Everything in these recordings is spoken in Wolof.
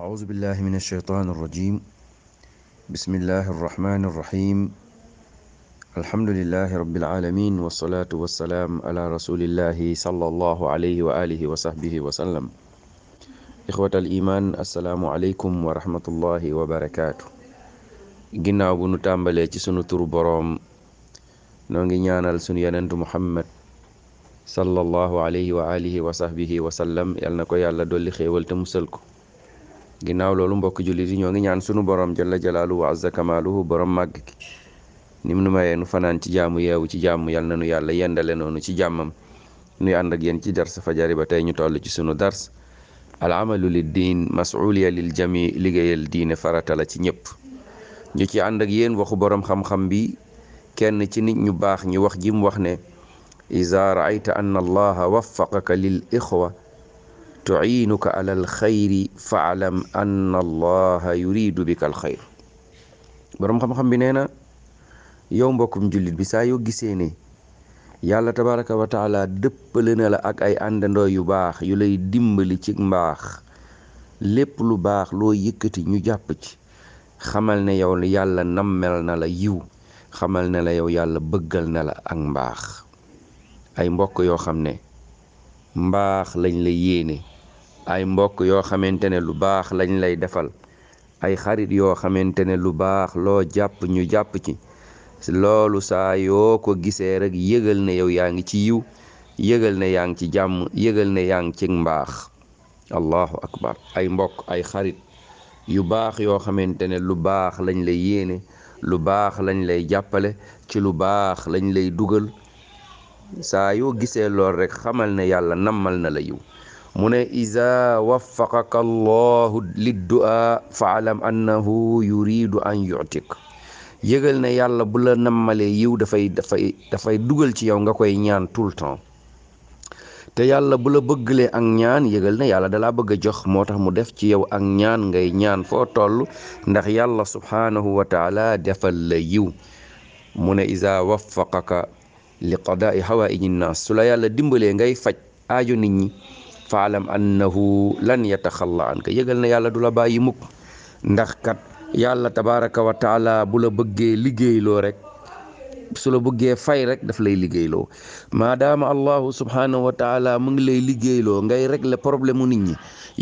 أعوذ بالله من الشيطان الرجيم بسم الله الرحمن الرحيم الحمد لله رب العالمين والصلاة والسلام على رسول الله صلى الله عليه وآله وصحبه وسلم إخوة الإيمان السلام عليكم ورحمة الله وبركاته ginnaaw bu nu tàmbalee ci sunu turu boroom noo ngi ñaanal sunu yenentu muhammad sallallahu alayhi wa alihi wa sahbihi wa sallam yal na ko yàlla dolli xéewal te musal ko ginnaaw loolu mbokk jullit yi ñoo ngi ñaan sunu borom jalla jalaaluhu wa azza kamaaluhu borom màgg ki ni nu mayee nu fanaan ci jaamu yeewu ci jàmm yal na nu yàlla yendale noonu ci jàmmam nuy ànd ak yéen ci dars fajari ba tey ñu toll ci sunu dars al amalu li diin masuuliya lil jami diine farata la ci ñëpp ñu ci ànd ak yéen waxu borom xam-xam bi kenn ci nit ñu baax ñu wax ji mu wax ne iza raayta anna allaha waffaqaka lil ixwa tuiinuka ala alxayri faalam anna allaha yuridu bika alxayr boroom xam-xam bi nee na yow mbokkum jullit bi saa yoo gisee ne yàlla tabaraka wa taala dëppale na la ak ay àndandoo yu baax yu lay dimbali ci mbaax lépp lu baax loo yëkkati ñu jàpp ci xamal ne yow yàlla nammel na la yiw xamal na la yow yàlla bëggal na la ak mbaax ay mbokk yoo xam ne mbaax lañ la yéene ay mbokk yoo xamante ne lu baax lañ lay defal ay xarit yoo xamante ne lu baax loo jàpp ñu jàpp ci loolu saa yoo ko gisee rek yëgal ne yow yaa ngi ci yiw yëgal yaa ngi ci jàmm yëgal ne yaa ngi ci mbaax allahu akbar ay mbokk ay xarit yu baax yoo xamante ne lu baax lañ lay yéene lu baax lañ lay jàppale ci lu baax lañ lay dugal saa yoo gisee lool rek xamal na yàlla nammal na la yiw mu ne iza waffaqaka allahu liddu'a fa alam annahu yuridu an yutik yëgal ne yàlla bula la nammalee yiw dafay dafay dafay dugal ci yow nga koy ñaan tout le temps te yàlla bu la bëggalee ak ñaan yëgal ne yàlla dalaa bëgg a jox moo tax mu def ci yow ak ñaan ngay ñaan foo toll ndax yàlla subhaanahu wa taala defal la yiw mu ne iza waffaqaka li qadaai hawaiji nnaas su la yàlla dimbalee ngay faj aajo nit ñi faalam annahu lan yataxalla anka yëgal na yàlla du la bàyyi mukk ndax kat yàlla tabaraka wa taala bu la bëggee liggéeyloo rek su la bëggee fay rek daf lay liggéeyloo maadaama allahu subhanahu wa taala mu ngi lay liggéeyloo ngay la problème mu nit ñi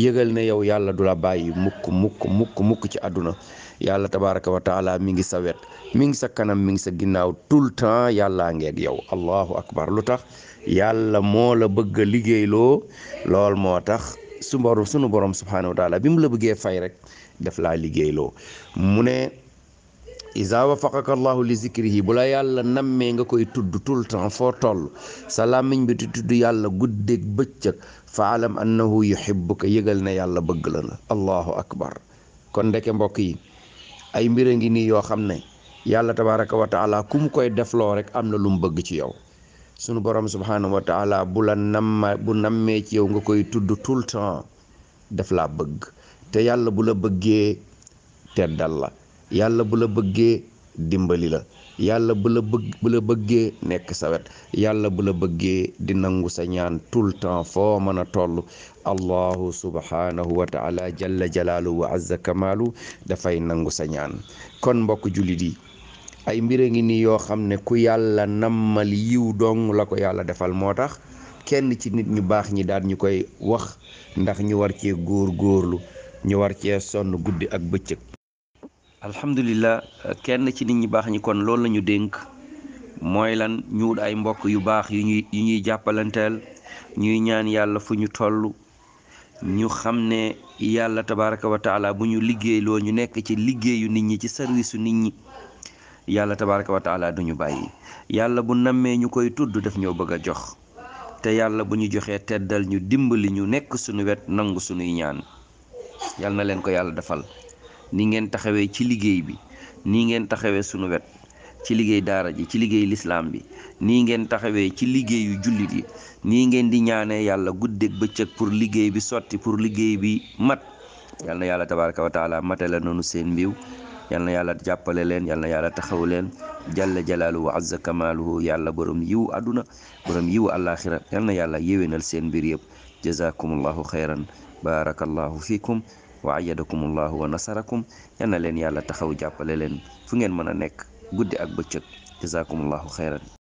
yëgal ne yow yàlla du la bàyyi mukk mukk mukk mukk ci àdduna yàlla tabaraka wa taala mi ngi sa wet mi ngi sa kanam mi ngi sa ginnaaw tout le temps yàllaa ngeeg yow allahu akbar lu tax yàlla moo la bëgg a liggéeyloo lool moo tax su borom sunu borom subhanahu wa taala bi mu la bëggee fay rek daf laa liggéeyloo mu ne isa wafaqaka allahu li zikrihi bu la yàlla nammee nga koy tudd tout le temps foo toll sa làmmiñ bi di tudd yàlla guddeeg bëccëg fa alam annahu yuhibbuka yëgal na yàlla bëgg la na allahu akbar kon ndeke mbokk yi ay mbir a ngi nii yoo xam ne yàlla tabaraka wa taala ku mu koy defloo rek am na lu mu bëgg ci yow sunu borom subhanahu wa taala bu la namma bu nammee ci yow nga koy tudd tout le temps def laa bëgg te yàlla bu la bëggee teddal la yàlla bu la bëggee dimbali la yàlla bu la bëggee nekk sawet yàlla bu la bëggee di nangu sa ñaan tout le temps foo mën a toll allahu subhanahu wa taala jalla jalaalu wa azza kamaalu dafay nangu sa ñaan kon mbokk jullit yi ay mbir a ngi nii yoo xam ne ku yàlla nammal yiw dong la ko yàlla defal moo tax kenn ci nit ñu baax ñi daal ñu koy wax ndax ñu war cee góor góorlu ñu war cee sonn guddi ak bëccëg alhamdulilah kenn ci nit ñi baax ñi kon loolu la ñu dénk mooy lan ñu ay mbokk yu baax yu ñuy yu ñuy jàppalanteel ñuy ñaan yàlla fu ñu tollu ñu xam ne yàlla tabaraka wa taala bu ñu liggéey loo ñu nekk ci liggéeyu nit ñi ci service nit ñi yàlla tabaraka wa taala du bàyyi yàlla bu nammee ñu koy tudd daf ñoo bëgg a jox te yàlla bu ñu joxee teddal ñu dimbali ñu nekk suñu wet nangu suñuy ñaan yàlla na leen ko yàlla defal ni ngeen taxawee ci liggéey bi nii ngeen taxawee sunu wet ci liggéey daara ji ci liggéey lislaam bi nii ngeen taxawee ci liggéeyu jullit yi nii ngeen di ñaanee yàlla guddeeg bëccëg pour liggéey bi sotti pour liggéey bi mat yal na yàlla tabaraka wa mate la noonu seen mbiw yal yàlla jàppale leen yàlla yàlla taxaw leen jàll jalaaluhu wa azza kamaaluhu yàlla boroom yiw àdduna borom yiw àllaaxira yal na yàlla yéwénal seen mbir yëpp jazaakumullahu xayran wa ayyadakumullahu wa nasarakum yal na leen yàlla taxaw jàppale leen fu ngeen mën a nekk guddi ak bëccëg jazakumullahu xayran